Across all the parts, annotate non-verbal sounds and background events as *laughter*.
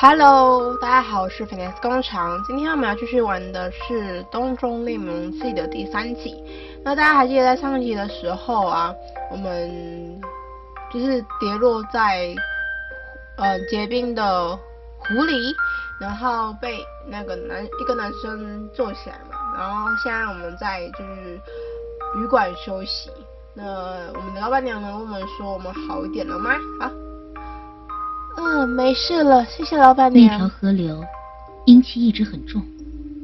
哈嘍，Hello, 大家好，我是 Finance 弓長。今天我們要繼續玩的是《東周列萌志》的第三季。那大家還記得在上一集的時候啊，我們就是跌落在呃結冰的湖裡，然後被那個男，一個男生救起來嘛。然後現在我們在就是旅館休息。那我們的老闆娘呢，問我們說：“我們好一點了嗎？”啊？嗯，沒事了，謝謝老闆娘。那條河流，陰氣一直很重，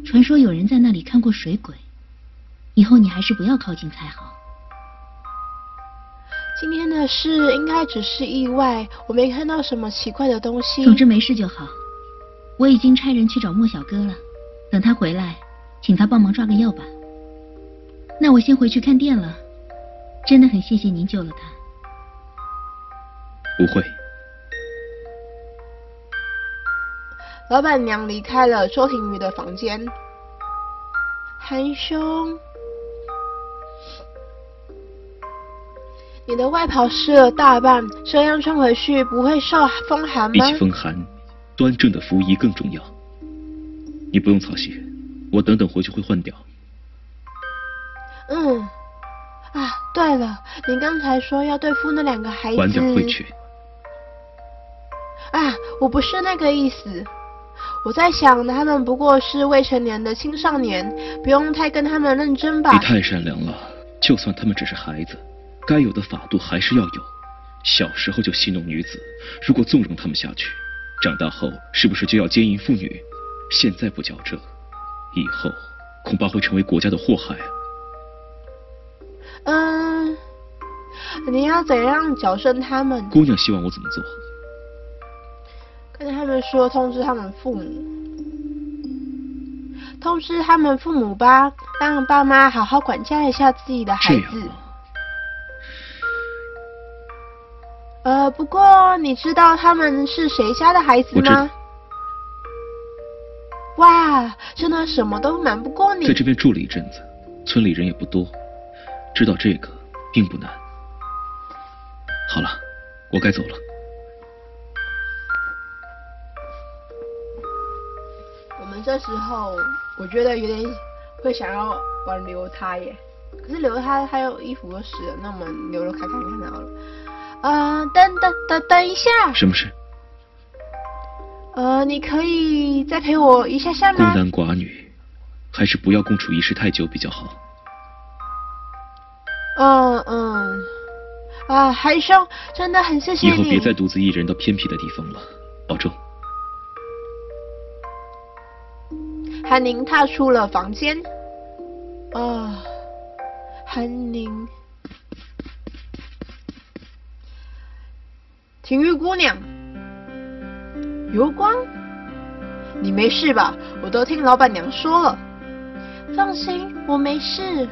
傳說有人在那裡看過水鬼，以後你還是不要靠近才好。今天的事應該只是意外，我沒看到什麼奇怪的東西。總之沒事就好，我已經差人去找莫小哥了，等他回來，請他幫忙抓個藥吧。那我先回去看店了，真的很謝謝您救了他。不會。老闆娘離開了周庭瑜的房間。韓兄，你的外袍濕了大半，這樣穿回去不會受風寒嗎？比起風寒，端正的服儀更重要。你不用操心，我等等回去會換掉。嗯，啊，對了，你剛才說要對付那兩個孩子？晚點回去。啊，我不是那個意思。我在想，他們不過是未成年的青少年，不用太跟他們認真吧。你太善良了，就算他們只是孩子，該有的法度還是要有。小時候就戲弄女子，如果縱容他們下去，長大後是不是就要姦淫婦女？現在不矯正，以後恐怕會成為國家的禍害啊。嗯，你要怎樣矯正他們？姑娘希望我怎麼做？跟他們說，通知他們父母，通知他們父母吧，讓爸媽好好管教一下自己的孩子。這樣。呃，不過你知道他們是誰家的孩子嗎？我知道。哇，真的什麼都瞞不過你。在這邊住了一陣子，村裡人也不多，知道這個並不難。好了，我該走了。這時候我覺得有點會想要挽留他耶，可是留他，還有衣服都濕了，那我們留了開，開看看好了。呃，等等等等一下。什麼事？呃，你可以再陪我一下下嗎？孤男寡女，還是不要共處一室太久比較好。嗯嗯、呃呃，啊，海生，真的很謝謝你。以後別再獨自一人到偏僻的地方了，保重。韓寧踏出了房間。啊、哦，韓寧，婷玉姑娘，油光，你沒事吧？我都聽老板娘說了。放心，我沒事。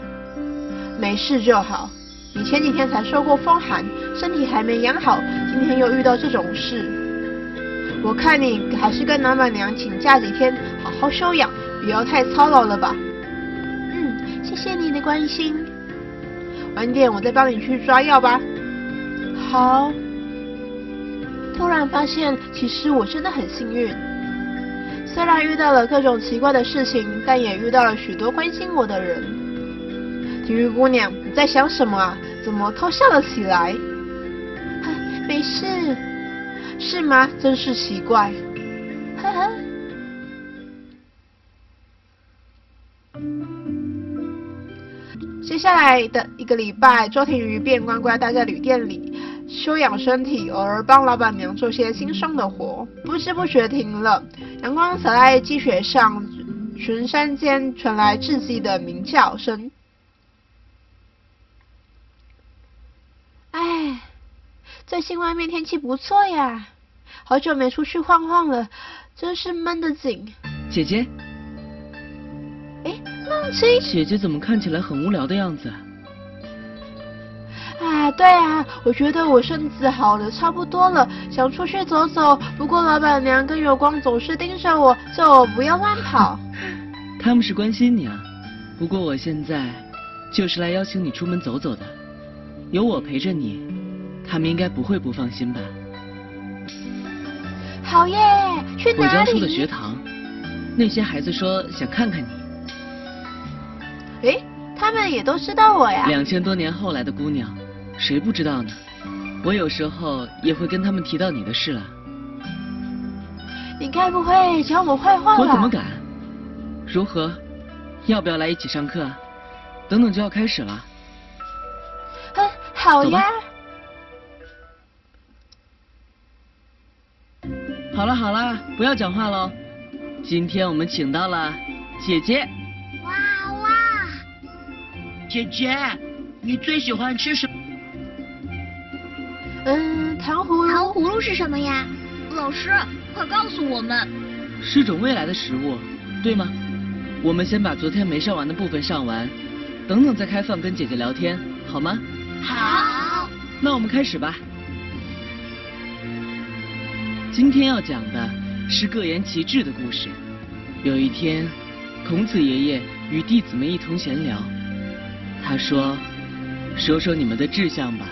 沒事就好。你前幾天才受過風寒，身體還沒養好，今天又遇到這種事，我看你還是跟老板娘請假幾天，好好休養。不要太操勞了吧。嗯，謝謝你的關心。晚點我再幫你去抓藥吧。好。突然發現，其實我真的很幸運。雖然遇到了各種奇怪的事情，但也遇到了許多關心我的人。緹縈姑娘，你在想什麼啊？怎麼偷笑了起來？唉，沒事。是嗎？真是奇怪。呵呵。接下來的一個禮拜，周婷瑜便乖乖待在旅店裡休養身體，偶爾幫老板娘做些輕鬆的活。 *noise* 不知不覺停了，陽光灑在積雪上，群山間傳來雉雞的鳴叫聲。唉，最近外面天氣不錯呀，好久沒出去晃晃了，真是悶得緊。姐姐，哎。姐姐怎麼看起來很無聊的樣子啊？啊，對啊，我覺得我身子好的差不多了，想出去走走。不過老闆娘跟有光總是盯着我，叫我不要亂跑。 *laughs* 他們是關心你啊。不過我現在就是來邀請你出門走走的，有我陪着你，他們應該不會不放心吧？好耶，去哪裡？我教書的學堂，那些孩子說想看看你。哎，他們也都知道我呀。兩千多年後來的姑娘，誰不知道呢？我有時候也會跟他們提到你的事了啊。你該不會講我壞話吧？我怎麼敢？如何？要不要來一起上課？等等就要開始了。嗯，啊，好呀。走吧。好了好了，不要講話嘍。今天我們請到了姐姐。姐姐，你最喜歡吃什麼？嗯，糖葫蘆。糖葫蘆是什麼呀？老師，快告訴我們。是種未來的食物，對嗎？我們先把昨天沒上完的部分上完，等等再開放跟姐姐聊天，好嗎？好。那我們開始吧。今天要講的是各言其志的故事。有一天，孔子爺爺與弟子們一同閒聊。他說：“說說你們的志向吧。”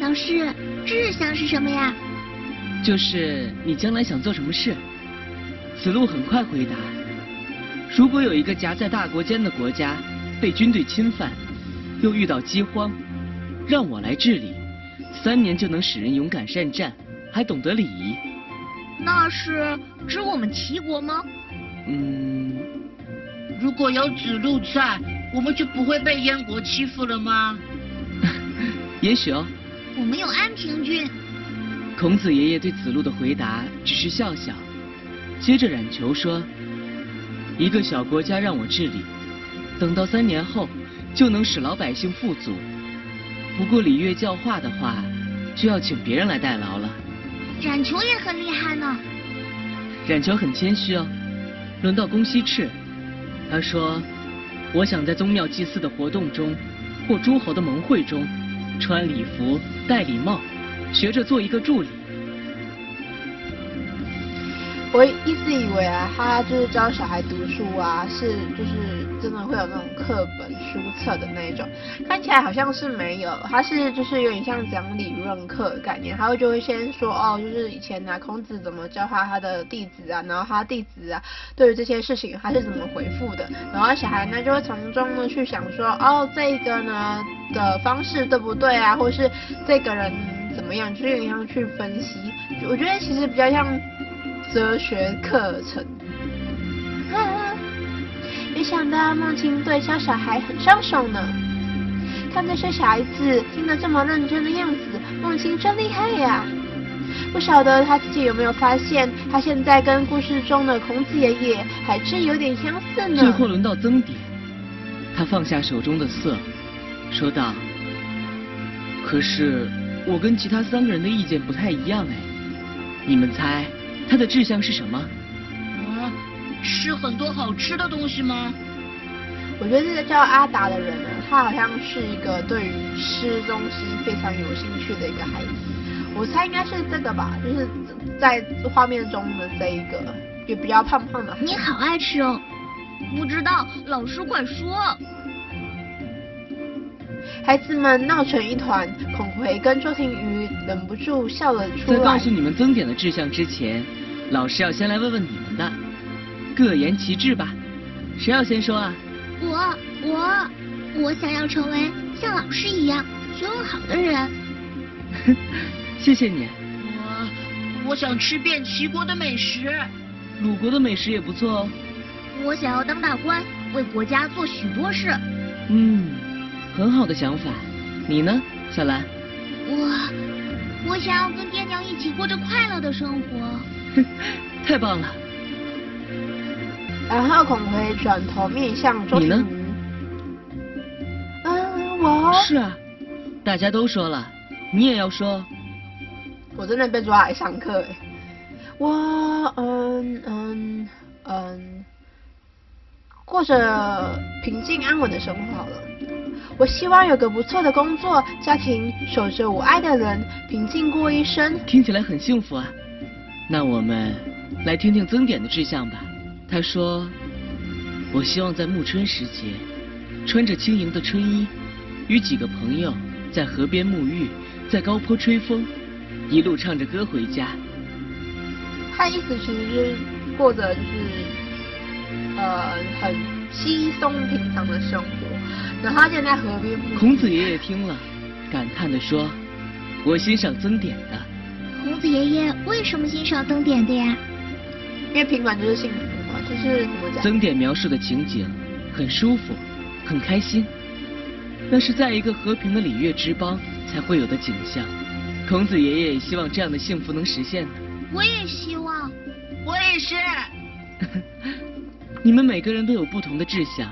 老師，志向是什麼呀？就是你將來想做什麼事。子路很快回答：“如果有一個夾在大國間的國家被軍隊侵犯，又遇到饑荒，讓我來治理，三年就能使人勇敢善戰，還懂得禮儀。”那是指我們齊國嗎？嗯，如果有子路在。我們就不會被燕國欺負了嗎？也許哦。我們有安平君。孔子爺爺對子路的回答只是笑笑，接着冉求說：“一個小國家讓我治理，等到三年後就能使老百姓富足。不過禮樂教化的話，就要請別人來代勞了。”冉求也很厲害呢。冉求很謙虛哦。輪到公西赤，他說。我想在宗廟祭祀的活動中，或諸侯的盟會中，穿禮服、戴禮帽，學着做一個助理。我一直以為啊，他就是教小孩讀書啊，是就是真的會有那種課本書冊的那種，看起來好像是沒有，他是就是有點像講理論課的概念，他會就會先說哦，就是以前呢、啊、孔子怎麼教他他的弟子啊，然後他弟子啊對於這些事情他是怎麼回復的，然後小孩呢就會從中呢去想說哦，這個呢的方式對不對啊，或是這個人怎麼樣，就是有點像去分析，我覺得其實比較像哲學課程、啊，沒想到孟清對小小孩很上手呢。看那些小孩子聽得這麼認真的樣子，孟清真厲害呀、啊。不曉得他自己有沒有發現，他現在跟故事中的孔子爺爺還真有點相似呢。最後輪到曾點，他放下手中的瑟，說道：“可是我跟其他三個人的意見不太一樣哎、欸，你們猜？”他的志向是什麼？嗯、啊，吃很多好吃的東西嗎？我覺得這個叫阿達的人呢，他好像是一個對於吃東西非常有興趣的一個孩子。我猜應該是這個吧，就是在畫面中的這一個，也比較胖胖的孩子。你好愛吃哦！不知道，老師快說。孩子們鬧成一團，孔回跟周廷瑜忍不住笑了出來。在告訴你們曾點的志向之前，老師要先來問問你們的，各言其志吧。誰要先說啊？我我我想要成為像老師一樣學問好的人。 *laughs* 謝謝你。我我想吃遍齊國的美食。魯國的美食也不錯哦。我想要當大官，為國家做許多事。嗯。很好的想法，你呢，小蘭？我我想要跟爹娘一起過着快樂的生活。哼，太棒了。然後孔輝轉頭面向中。你呢？嗯，我。是啊，大家都說了，你也要說。我真的被抓來上課，我嗯嗯嗯，過、嗯、着、嗯、平靜安穩的生活好了。我希望有個不錯的工作，家庭守着我愛的人，平靜過一生。聽起來很幸福啊！那我們來聽聽曾點的志向吧。他說：“我希望在暮春時節，穿着輕盈的春衣，與幾個朋友在河邊沐浴，在高坡吹風，一路唱着歌回家。”他意思其實過着就是，呃，很稀鬆平常的生活。現在孔子爺爺聽了，感嘆地說：“我欣賞曾點的。”孔子爺爺為什麼欣賞曾點的呀？因為平凡就是幸福嘛、啊，就是怎麼講？曾點描述的情景很舒服，很開心。那是在一個和平的禮樂之邦才會有的景象。孔子爺爺也希望這樣的幸福能實現的。我也希望，我也是。 *laughs* 你們每個人都有不同的志向。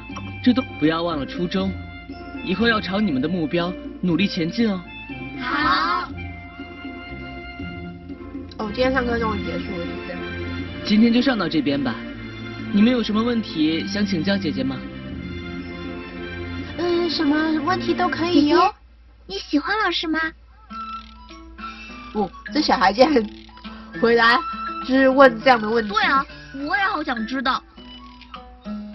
都不要忘了初衷，以後要朝你們的目標努力前進哦。好。哦，今天上課終於結束了，今天就上到這邊吧。你們有什麼問題想請教姐姐嗎？嗯，什麼問題都可以喲。你喜歡老師嗎？不、哦，這小孩竟然回來就是問這樣的問題。對啊，我也好想知道。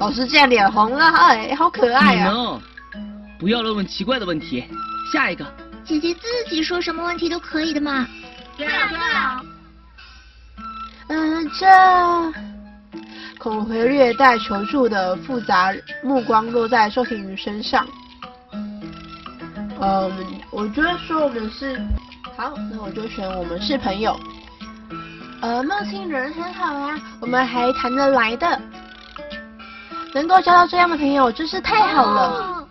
老師這樣臉紅了，哎，好可愛啊。嗯嗯、不要亂問奇怪的問題，下一個。姐姐自己說什麼問題都可以的嘛。嗯、對啊對啊，對啊嗯，這孔回略帶求助的複雜目光落在壽星瑜身上。嗯，我覺得說我們是……好，那我就選我們是朋友。呃、嗯，夢星人很好啊，我們還談得來的。能夠交到這樣的朋友真是太好了，哦、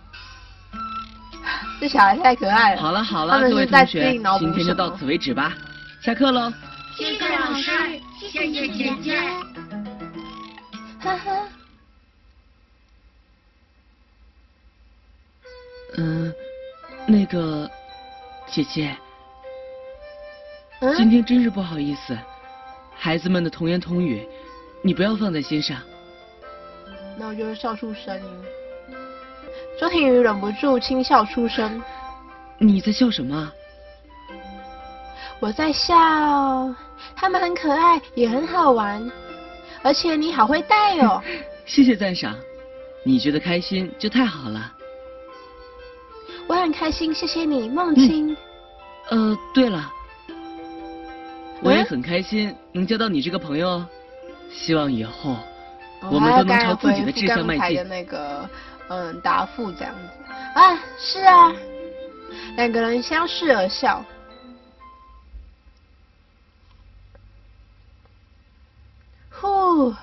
這小孩太可愛了。好了好了，好了各位同學，今天就到此為止吧，下課嘍。謝謝老師，謝謝姐姐。呵呵。嗯，那個姐姐，嗯、今天真是不好意思，孩子們的童言童語，你不要放在心上。那我就會笑出聲音。周庭瑜忍不住輕笑出聲。你在笑什麼？我在笑，他們很可愛，也很好玩，而且你好會帶哦。 *laughs* 謝謝讚賞，你覺得開心就太好了。我很開心，謝謝你，夢清、嗯。呃，對了，我也很開心能交到你這個朋友哦，希望以後。Oh, 我們剛剛回復剛才的那個，嗯，答覆這樣子，啊，是啊，兩個人相視而笑。呼，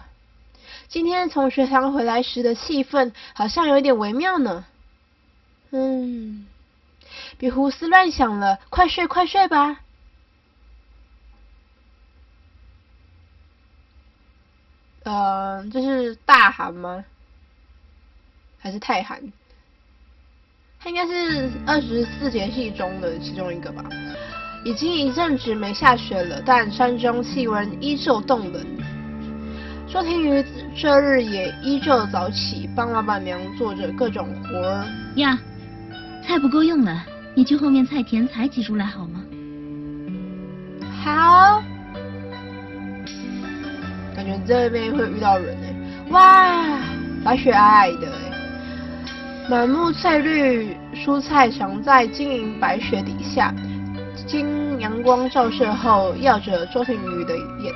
今天從學堂回來時的氣氛好像有點微妙呢。嗯，別胡思亂想了，快睡，快睡吧。呃，這是大寒嗎？還是太寒？它應該是二十四節氣中的其中一個吧。已經一陣子沒下雪了，但山中氣溫依舊凍冷。卓天宇這日也依舊早起，幫老板娘做着各種活兒呀。菜不夠用了，你去後面菜田採幾株來好嗎？好。感覺這邊會遇到人哎、欸，哇，白雪皚皚的滿、欸、目翠綠，蔬菜藏在晶瑩白雪底下，經陽光照射後，耀着周天宇的眼。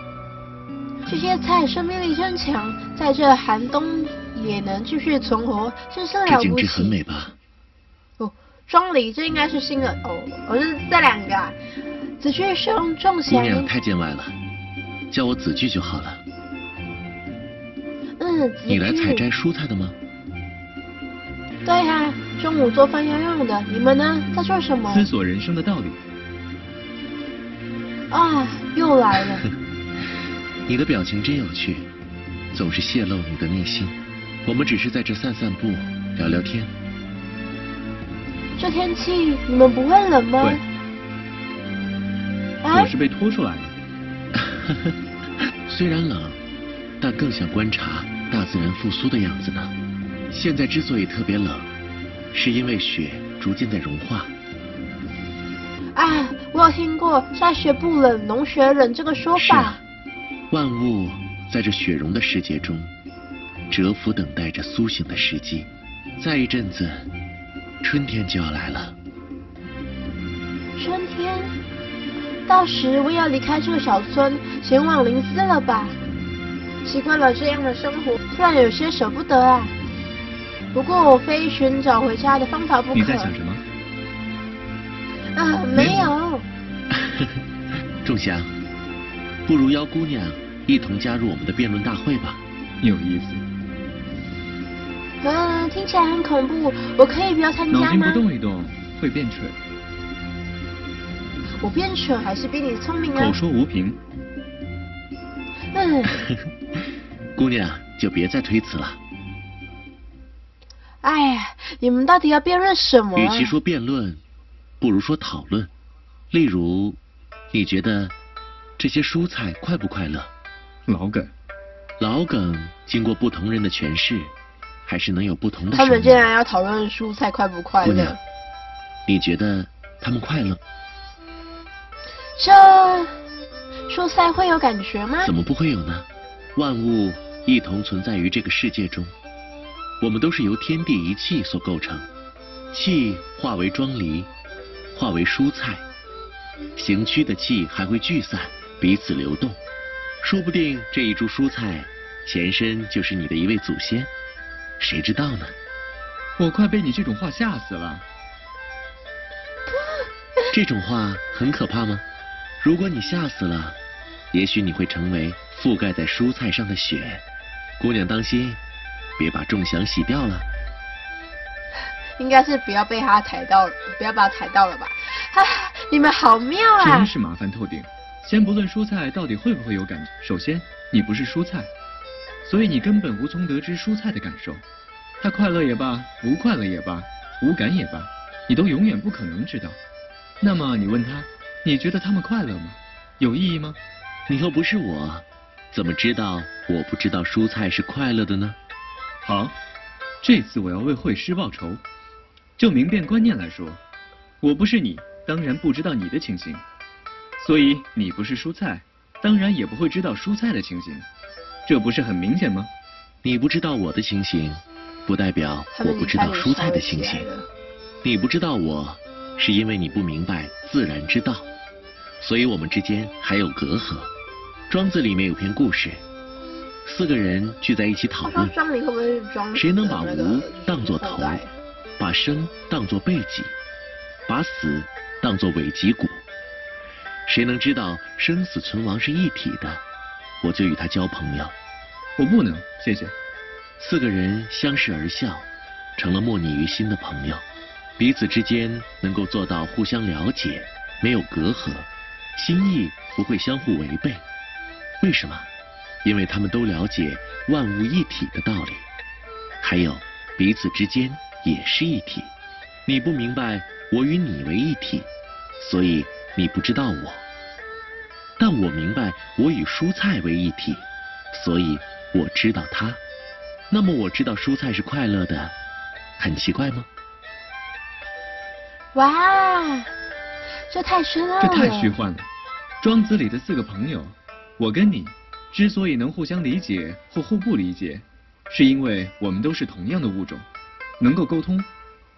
這些菜生命力真強，在這寒冬也能繼續存活，真是了不起。這景致很美吧？哦，莊裡這應該是新的哦，我、哦、是這，這兩個，嗯、子旭兄，仲賢。你們倆太見外了。叫我子聚就好了。嗯，你來採摘蔬菜的嗎？對呀、啊，中午做飯要用的。你們呢，在做什麼？思索人生的道理。啊，又來了。 *laughs* 你的表情真有趣，總是泄露你的內心。我們只是在這散散步，聊聊天。這天氣，你們不會冷嗎？對哎、我是被拖出來的。 *laughs* 雖然冷，但更想觀察大自然復甦的樣子呢。現在之所以特別冷，是因為雪逐漸在融化。啊、哎，我有聽過“下雪不冷，融雪冷”這個說法。是。萬物在這雪融的世界中，蟄伏等待着甦醒的時機。再一陣子，春天就要來了。春天。到時我也要離開這個小村，前往臨淄了吧？習慣了這樣的生活，雖然有些捨不得啊。不過我非尋找回家的方法不可。你在想什麼？啊，沒有。沒有 *laughs* 仲祥，不如邀姑娘一同加入我們的辯論大會吧？有意思。啊，聽起來很恐怖，我可以不要參加嗎？腦筋不動一動會變蠢。我變蠢還是比你聰明呢、啊？口說無憑。嗯。 *laughs* 姑娘就別再推辭了。哎呀，你們到底要辯論什麼？與其說辯論，不如說討論。例如，你覺得這些蔬菜快不快樂？老梗，老梗，經過不同人的詮釋，還是能有不同的。他們竟然要討論蔬菜快不快樂？姑娘，你覺得他們快樂？這蔬菜會有感覺嗎？怎麼不會有呢？萬物一同存在於這個世界中，我們都是由天地一氣所構成，氣化為莊稼，化為蔬菜，形軀的氣還會聚散，彼此流動。說不定這一株蔬菜前身就是你的一位祖先，誰知道呢？我快被你這種話嚇死了。這種話很可怕嗎？如果你嚇死了，也許你會成為覆蓋在蔬菜上的雪。姑娘，當心，別把種香洗掉了。應該是不要被他踩到了，不要把他踩到了吧？啊，你們好妙啊！真是麻煩透頂。先不論蔬菜到底會不會有感覺，首先你不是蔬菜，所以你根本無從得知蔬菜的感受。它快樂也罷，不快樂也罷，無感也罷，你都永遠不可能知道。那麼你問他？你覺得他們快樂嗎？有意義嗎？你又不是我，怎麼知道我不知道蔬菜是快樂的呢？好，這次我要為惠施報仇。就明辨觀念來說，我不是你，當然不知道你的情形。所以你不是蔬菜，當然也不會知道蔬菜的情形，這不是很明顯嗎？你不知道我的情形，不代表我不知道蔬菜的情形。你不知道我，是因為你不明白自然之道。所以我們之間還有隔閡。莊子裡面有篇故事，四個人聚在一起討論，啊那個、誰能把無當作頭，對把生當作背脊，把死當作尾脊骨，誰能知道生死存亡是一體的，我就與他交朋友。我不能，謝謝。四個人相視而笑，成了莫逆於心的朋友，彼此之間能夠做到互相了解，沒有隔閡。心意不會相互違背，為什麼？因為他們都了解萬物一體的道理，還有彼此之間也是一體。你不明白我與你為一體，所以你不知道我；但我明白我與蔬菜為一體，所以我知道它。那麼我知道蔬菜是快樂的，很奇怪嗎？哇！這太深奧了，這太虛幻了。莊子裡的四個朋友，我跟你之所以能互相理解或互不理解，是因為我們都是同樣的物種，能夠溝通。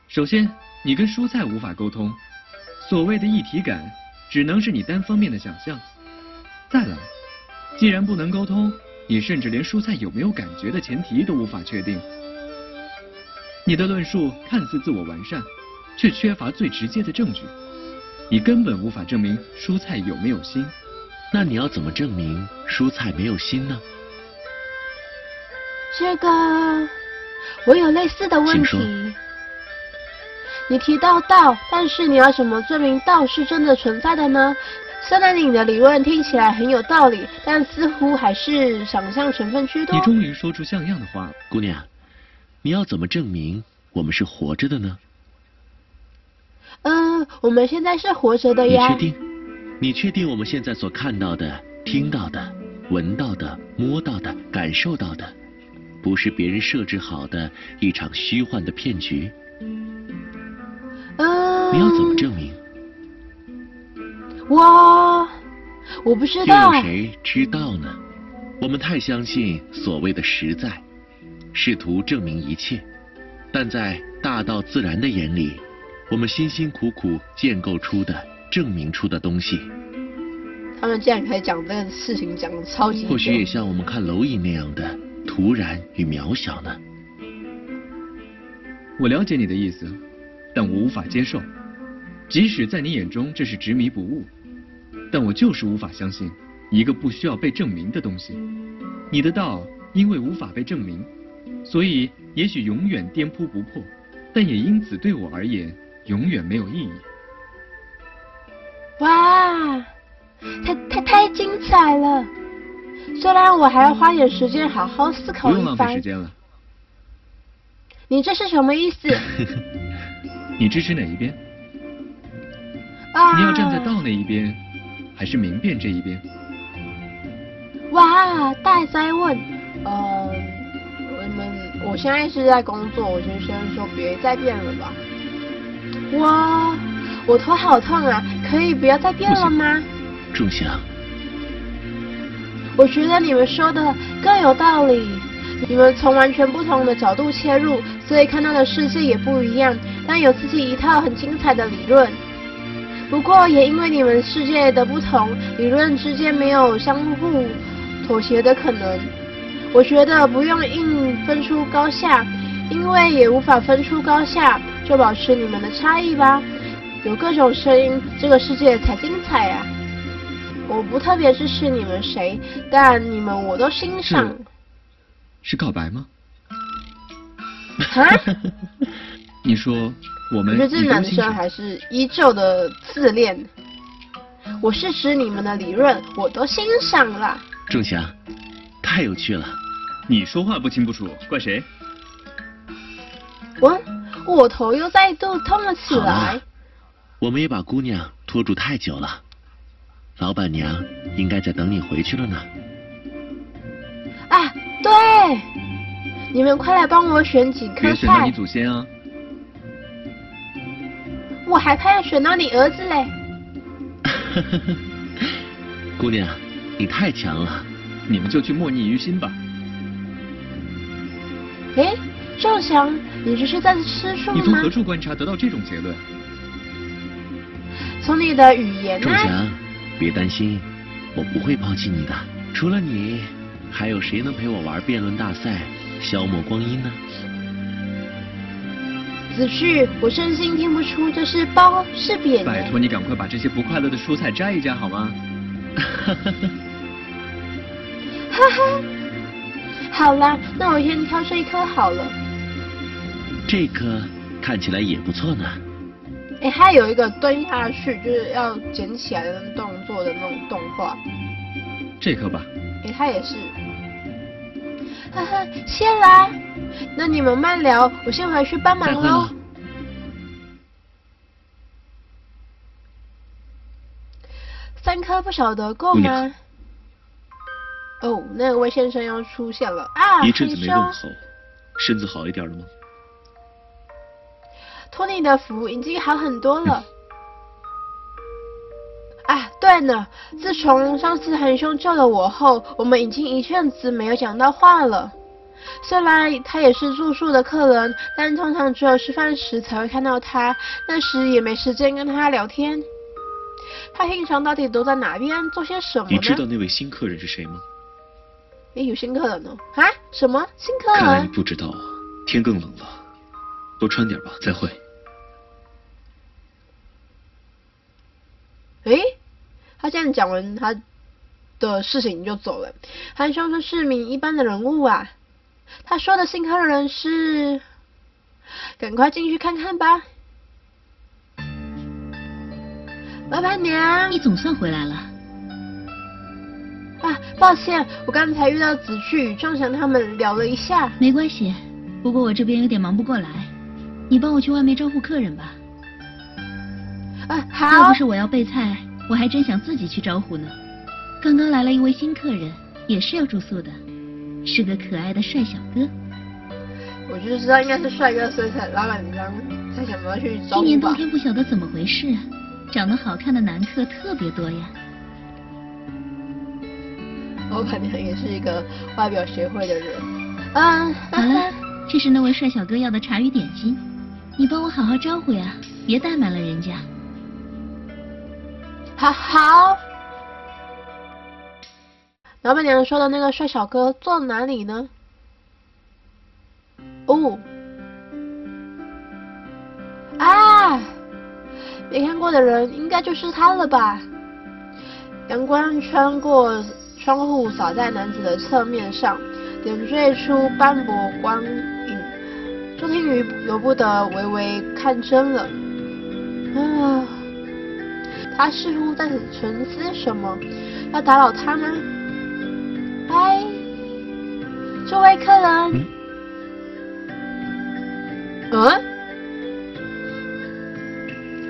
首先，你跟蔬菜無法溝通，所謂的一體感，只能是你單方面的想象。再來，既然不能溝通，你甚至連蔬菜有沒有感覺的前提都無法確定。你的論述看似自我完善，卻缺乏最直接的證據。你根本無法證明蔬菜有沒有心，那你要怎麼證明蔬菜沒有心呢？這個，我有類似的問題。請說。你提到道，但是你要怎麼證明道是真的存在的呢？雖然你的理論聽起來很有道理，但似乎還是想象成分居多。你終於說出像樣的話，姑娘，你要怎麼證明我們是活着的呢？嗯，我們現在是活着的呀。你確定？你確定我們現在所看到的、聽到的、聞到的、摸到的、感受到的，不是別人設置好的一場虛幻的騙局？嗯。你要怎麼證明？我，我不知道。又有誰知道呢？我們太相信所謂的實在，試圖證明一切，但在大道自然的眼裡。我們辛辛苦苦建構出的、證明出的東西，他們竟然可以講這個、事情講得超級。或許也像我們看螻蟻那樣的突然與渺小呢？我了解你的意思，但我無法接受。即使在你眼中這是執迷不悟，但我就是無法相信一個不需要被證明的東西。你的道因為無法被證明，所以也許永遠顛撲不破，但也因此對我而言，永遠沒有意義。哇，太太太，太精彩了！雖然我還要花點時間好好思考一番。不用浪費時間了。你這是什麼意思？ *laughs* 你支持哪一邊？啊！你要站在道那一邊，還是明辨這一邊？哇，大哉問。呃，我們我現在是在工作，我就先說別再辯了吧。我我頭好痛啊，可以不要再變了嗎？仲夏，我覺得你們說的各有道理，你們從完全不同的角度切入，所以看到的世界也不一樣，但有自己一套很精彩的理論。不過也因為你們世界的不同，理論之間沒有相互妥協的可能。我覺得不用硬分出高下，因為也無法分出高下。就保持你們的差異吧，有各種聲音，這個世界才精彩呀，啊！我不特別支持你們誰，但你們我都欣賞。是告白嗎？哈 *laughs* 你說我們是這男生還是依舊的自戀。我是指你們的理論，我都欣賞了。仲翔太有趣了！你說話不清不楚，怪誰？嗯我頭又再度痛了起來。啊，我們也把姑娘拖住太久了，老闆娘應該在等你回去了呢。啊，對，你們快來幫我選幾顆菜。選到你祖先啊！我還怕要選到你兒子嘞。 *laughs* 姑娘，你太強了，你們就去莫逆於心吧。哎。趙翔，你這是在吃醋嗎？你從何處觀察得到這種結論？從你的語言。趙翔，別擔心，我不會拋棄你的。除了你，還有誰能陪我玩辯論大賽消磨光陰呢？子旭，我真心聽不出這是褒是貶？拜托你趕快把這些不快樂的蔬菜摘一摘好嗎？哈哈，哈哈，好啦，那我先挑這一顆好了。這顆看起來也不錯呢。哎，它有一個蹲下去就是要撿起來的動作的那種動畫。這顆吧。哎，它也是。呵呵，謝啦。那你們慢聊，我先回去幫忙嘍。三顆？不曉得夠嗎？哦、嗯，oh, 那位先生又出現了。啊。一陣子沒問候，啊、身子好一點了嗎？托你的福，已經好很多了。嗯、啊，對了，自從上次韓兄救了我後，我們已經一陣子沒有講到話了。雖然他也是住宿的客人，但通常只有吃飯時才會看到他，那時也沒時間跟他聊天。他平常到底都在哪邊做些什麼呢？你知道那位新客人是誰嗎？也、哎、有新客人呢、哦？啊？什麼新客人？看來你不知道啊。天更冷了，多穿點吧。再會。哎、欸，他現在講完他的事情你就走了。韓雙是市民一般的人物啊，他說的新房客是，趕快進去看看吧。老闆娘，你總算回來了。啊，抱歉，我剛才遇到子旭，壯祥他們聊了一下。沒關係，不過我這邊有點忙不過來，你幫我去外面招呼客人吧。啊、要不是我要備菜，我還真想自己去招呼呢。剛剛來了一位新客人，也是要住宿的，是個可愛的帥小哥。我就知道應該是帥哥身材，老闆娘才想要去，去招呼。今年冬天不曉得怎麼回事啊，長得好看的男客特別多呀。我肯定也是一個外表協會的人。啊， *laughs* 好了，這是那位帥小哥要的茶與點心，你幫我好好招呼呀，別怠慢了人家。好，好。老闆娘說的那個帥小哥坐哪裡呢？哦，啊，沒看過的人應該就是他了吧？陽光穿過窗戶灑在男子的側面上，點綴出斑駁光影，周天宇由不得微微看真了，啊。他似乎在沉思什麼，要打擾他嗎？嗨，這位客人。嗯，嗯？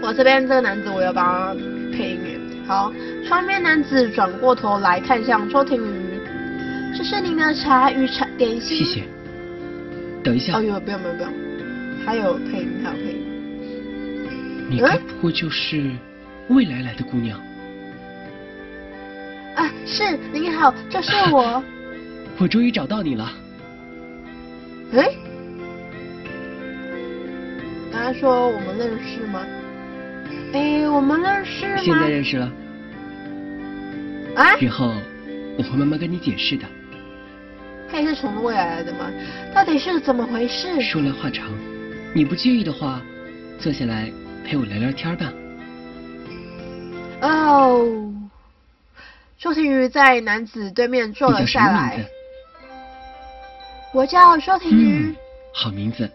我這邊這個男子，我要幫他配音。好，窗邊男子轉過頭來看向周庭瑜，這是您的茶與茶點心。謝謝。等一下。哦，有，不用不用不用。還有配音還有配音。他有配音，你該不會就是？嗯未來來的姑娘啊，是你，好，就是我。 *laughs* 我終於找到你了。哎，剛才說我們認識嗎？哎，我們認識嗎？現在認識了。啊誒？以後我會慢慢跟你解釋的。他也是從未來來的嗎？到底是怎麼回事？說來話長，你不介意的話，坐下來陪我聊聊天吧。周庭瑜在男子對面坐了下來。你叫什麼名字？我叫周庭瑜。嗯，好名字。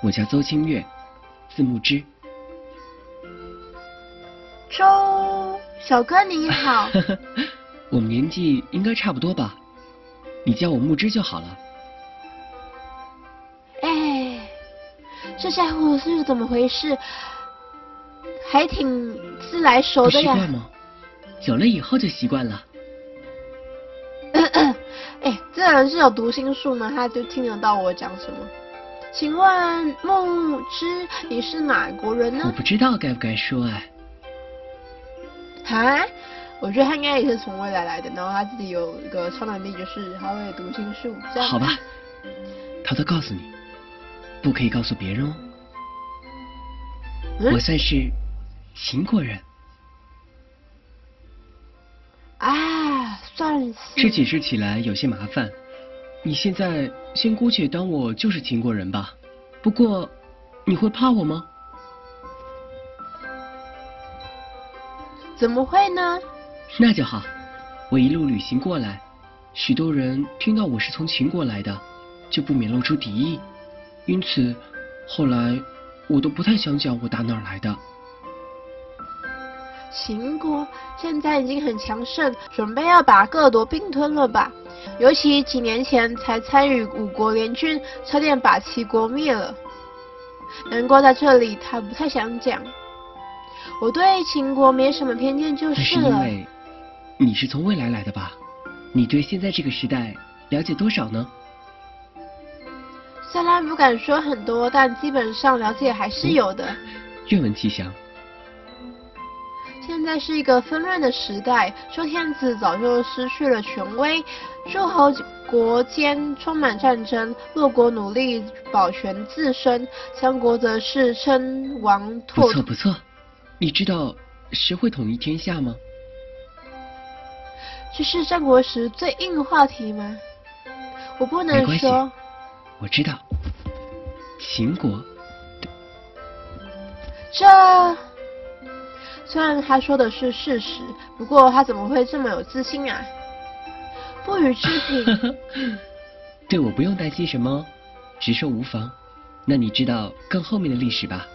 我叫鄒清月，字木之。周小哥你好。 *laughs* 我們年紀應該差不多吧？你叫我木之就好了。哎，這傢伙是怎麼回事？還挺自來熟的呀。不習慣嗎？久了以後就習慣了。哎，這咳咳、欸、自然是有讀心術嗎？他就聽得到我講什麼？請問夢之，你是哪國人呢？我不知道該不該說哎、啊。哈？我覺得他應該也是從未來來的，然後他自己有一個超能力，就是他會讀心術。好吧，偷偷告訴你，不可以告訴別人哦。嗯、我算是秦國人。啊，算了。這解釋起來有些麻煩，你現在先姑且當我就是秦國人吧。不過，你會怕我嗎？怎麼會呢？那就好。我一路旅行過來，許多人聽到我是從秦國來的，就不免露出敵意，因此後來我都不太想講我打哪兒來的。秦國現在已經很強盛，準備要把各國併吞了吧？尤其幾年前才參與五國聯軍，差點把齊國滅了。難過，在這裡，他不太想講。我對秦國沒什麼偏見，就是了。是因為你是從未來來的吧？你對現在這個時代了解多少呢？雖然不敢說很多，但基本上了解還是有的。願聞其詳。現在是一個紛亂的時代，周天子早就失去了權威，諸侯國間充滿戰爭，弱國努力保全自身，強國則是稱王不錯。不錯不錯，你知道誰會統一天下嗎？這是戰國時最硬的話題嗎？我不能說。我知道，秦國。這。雖然他說的是事實，不過他怎麼會這麼有自信啊？不予置評， *laughs* 對，我不用擔心什麼，直說無妨。那你知道更後面的歷史吧？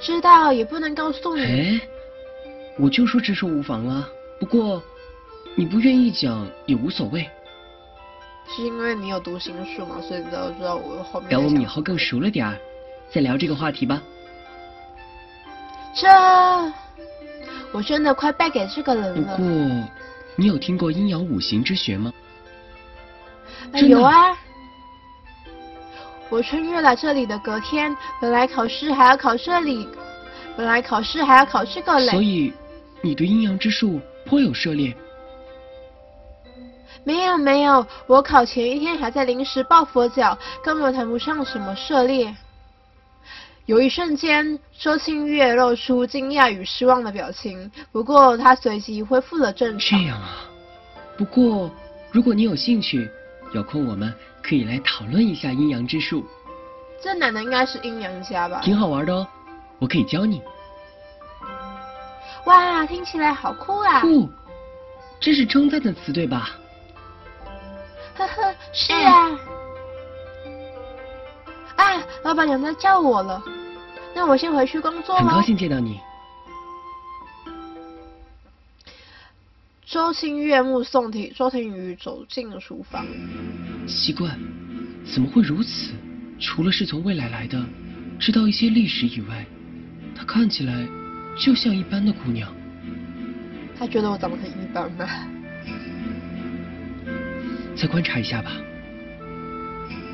知道也不能告訴你。哎、欸，我就說直說無妨了。不過你不願意講也無所謂。是因為你有讀心術嘛，所以你知道我後面的。等我們以後更熟了點再聊這個話題吧。這我真的快敗給這個人了。不過，你有聽過陰陽五行之學嗎？有、哎、啊，我穿越了這裡的隔天，本來考試還要考這裡，本來考試還要考這個。所以，你對陰陽之術頗有涉獵？沒有沒有，我考前一天還在臨時抱佛腳，根本談不上什麼涉獵。有一瞬間，周清月露出驚訝與失望的表情，不過她隨即恢復了正常。這樣啊，不過如果你有興趣，有空我們可以來討論一下陰陽之術。這奶奶應該是陰陽家吧？挺好玩的哦，我可以教你。哇，聽起來好酷啊！酷、哦，這是稱讚的詞，對吧？呵呵，是啊。嗯、啊，老闆娘在叫我了。那我先回去工作了。很高興見到你。周清月目送周廷雨走進了書房。奇怪，怎麼會如此？除了是從未來來的，知道一些歷史以外，她看起來就像一般的姑娘。他覺得我長得很一般呢、啊？再觀察一下吧。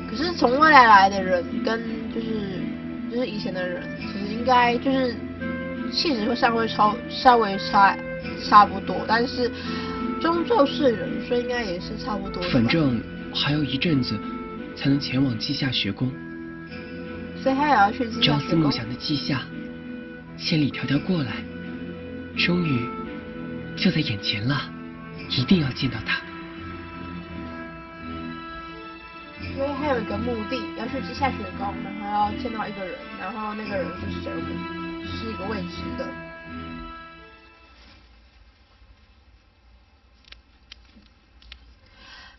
可是從未來來的人跟，就是。就是以前的人，其實應該就是氣質會稍微稍稍微差差不多，但是終究是人，所以應該也是差不多。反正還有一陣子才能前往稷下學宮，所以他也要去自己還要去稷下朝思暮想的稷下，千里迢迢過來，終於就在眼前了，一定要見到他。一個目的要去地下雪宮，然後要見到一個人，然後那個人是誰？是一個未知的。嗯、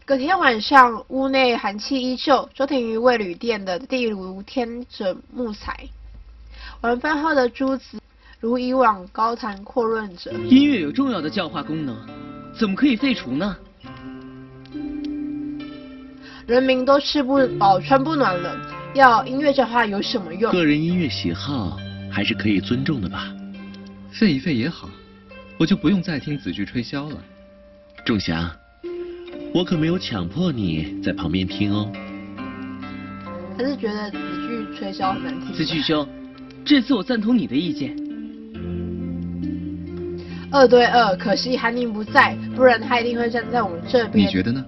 隔天晚上，屋內寒氣依舊，周婷於為旅店的地爐添整木材。晚飯後的珠子如以往高談闊論着。音樂有重要的教化功能，怎麼可以廢除呢？人民都吃不飽穿不暖了，要音樂這話有什麼用？個人音樂喜好還是可以尊重的吧，廢一廢也好，我就不用再聽子句吹簫了。仲祥，我可沒有強迫你在旁邊聽哦。還是覺得子句吹簫很難聽。子句兄，這次我贊同你的意見。二對二，可惜韓寧不在，不然他一定會站在我們這邊。你覺得呢？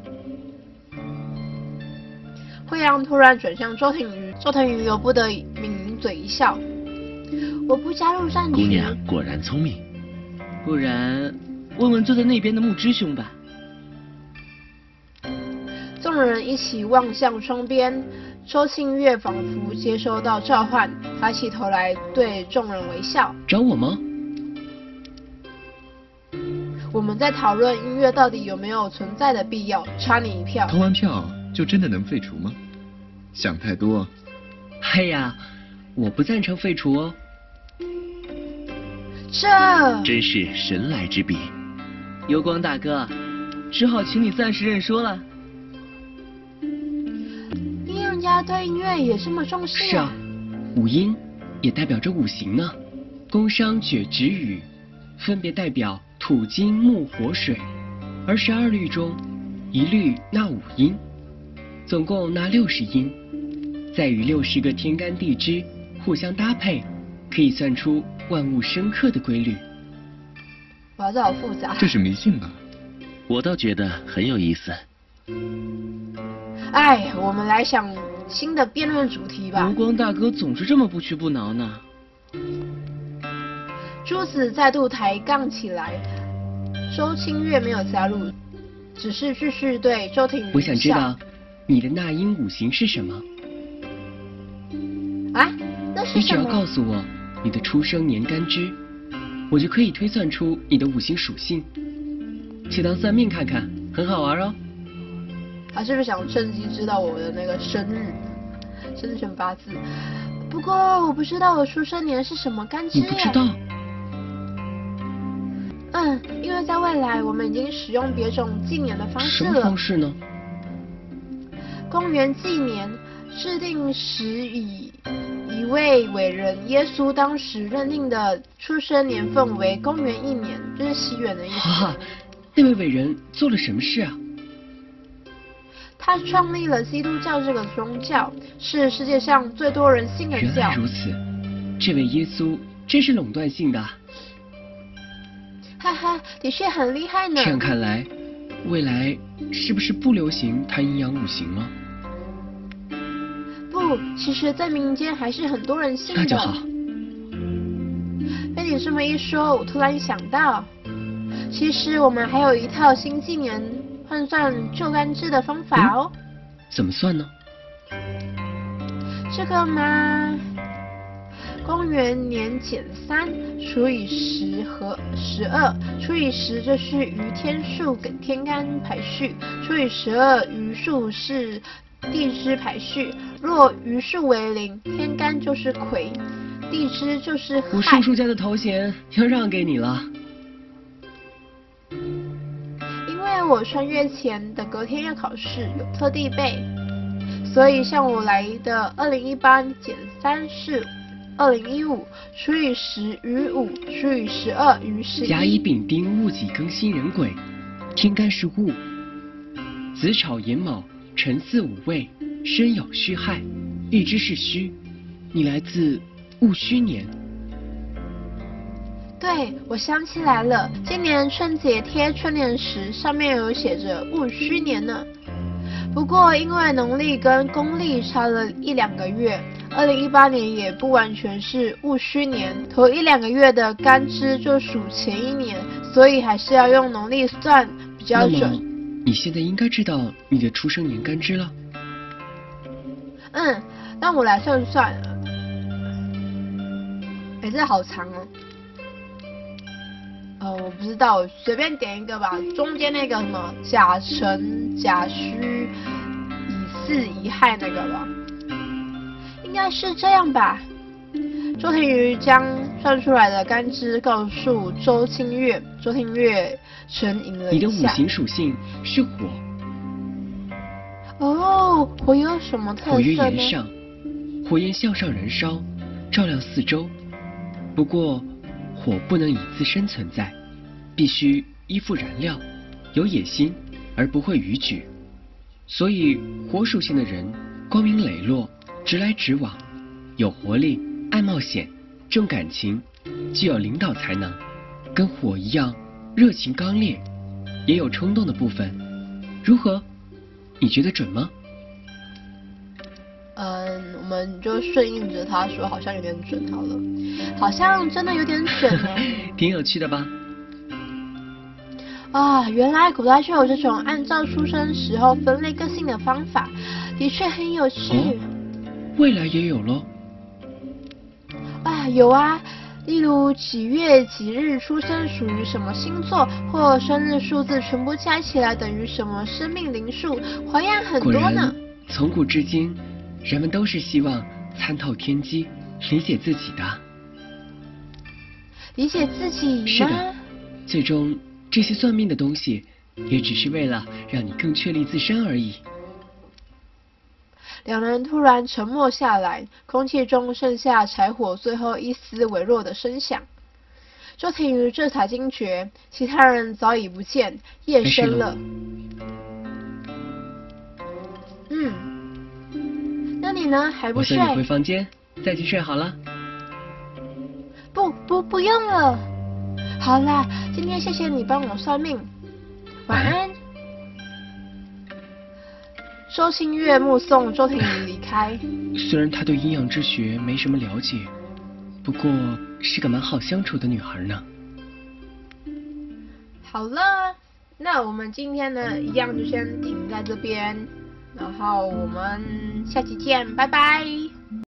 姑娘突然轉向周婷雨，周婷雨由不得抿嘴一笑。我不加入戰局。姑娘果然聰明，不然問問坐在那邊的牧之兄吧。眾人一起望向窗邊，周慶月仿佛接收到召喚，抬起頭來對眾人微笑。找我嗎？我們在討論音樂到底有沒有存在的必要，差你一票。投完票就真的能廢除嗎？想太多。哎呀，我不贊成廢除哦。嗯、這真是神來之筆，油光大哥，只好請你暫時認輸了。人家對音樂也這麼重視，啊。是啊，五音也代表着五行呢。宮商角徵羽分別代表土金木火水，而十二律中一律納五音，總共納六十音。再與六十個天干地支互相搭配，可以算出萬物生克的規律。哇，這好複雜。這是迷信嗎、啊？我倒覺得很有意思。哎，我們來想新的辯論主題吧。如光大哥總是這麼不屈不撓呢。諸 *laughs* 子再度抬槓起來，周清月沒有加入，只是繼續對周庭如笑。我想知道你的納音五行是什麼。啊、那是你只要告訴我你的出生年干支，我就可以推算出你的五行屬性，且當算命看看，很好玩哦。他、啊、是不是想趁機知道我的那個生日、生辰八字？不過我不知道我出生年是什麼干支呀。你不知道？嗯，因為在未來我們已經使用別種紀年的方式了。什麼方式呢？公元紀年，制定時以一位偉人耶穌當時認定的出生年份為公元一年，就是西元的意思、啊。那位偉人做了什麼事啊？他創立了基督教這個宗教，是世界上最多人信的教。原來如此，這位耶穌真是壟斷性的、啊。哈哈，的確很厲害呢。這樣看來，未來是不是不流行談陰陽五行了？不，其實，在民間還是很多人信的。好。被你這麼一說，我突然想到，其實我們還有一套新紀年換算舊干支的方法哦。怎麼算呢？這個嘛，公元年減三除以十和十二，除以十就是餘天數跟天干排序，除以十二餘數是。地支排序，若餘數為零，天干就是癸，地支就是亥。我叔叔家的頭銜要讓給你了，因為我穿越前的隔天要考試，有特地背。所以像我來的二零一八減三是二零一五除以十餘五，除以十二餘十一。甲乙丙丁戊己庚辛壬癸，天干是戊，子丑寅卯，辰巳午未，申酉戌亥，地支是戌。你來自戊戌年。對，我想起來了，今年春節貼春聯時，上面有寫着戊戌年呢。不過因為農曆跟公曆差了一兩個月，二零一八年也不完全是戊戌年，頭一兩個月的干支就屬前一年，所以還是要用農曆算比較準。你現在應該知道你的出生年干支了？嗯，那我來算算。誒，這個好長哦。哦，我不知道，隨便點一個吧，中間那個什麼甲辰、甲戌、乙巳、乙亥那個吧，應該是這樣吧。周天宇將算出來的干支告訴周清月，周清月沉吟了一下。你的五行屬性是火。哦，火焰有什麼特色呢？火曰炎上，火焰向上燃燒，照亮四周。不過，火不能以自身存在，必須依附燃料。有野心而不會逾矩，所以火屬性的人光明磊落，直來直往，有活力，愛冒險。重感情，具有領導才能，跟火一樣熱情剛烈，也有衝動的部分。如何？你覺得準嗎？嗯，我們就順應着他說，好像有點準好了，好像真的有點準。 *laughs* 挺有趣的吧？啊，原來古代就有這種按照出生時候分類個性的方法，的確很有趣。哦、未來也有咯。啊，有啊，例如幾月幾日出生屬於什麼星座，或生日數字全部加起來等於什麼生命靈數，花樣很多呢。果然，從古至今，人們都是希望參透天機，理解自己的。理解自己嗎？是的，最終這些算命的東西，也只是為了讓你更確立自身而已。兩人突然沉默下來，空氣中剩下柴火最後一絲微弱的聲響。周庭瑜這才驚覺，其他人早已不見，夜深了。嗯，那你呢？還不睡？我送你回房間，再去睡好了。不不不用了，好啦，今天謝謝你幫我算命，晚安。周星月目送周婷婷離開。 *laughs* 雖然她對陰陽之學沒什麼了解，不過是個蠻好相處的女孩呢。好了，那我們今天呢，一樣就先停在這邊，然後我們下期見，拜拜。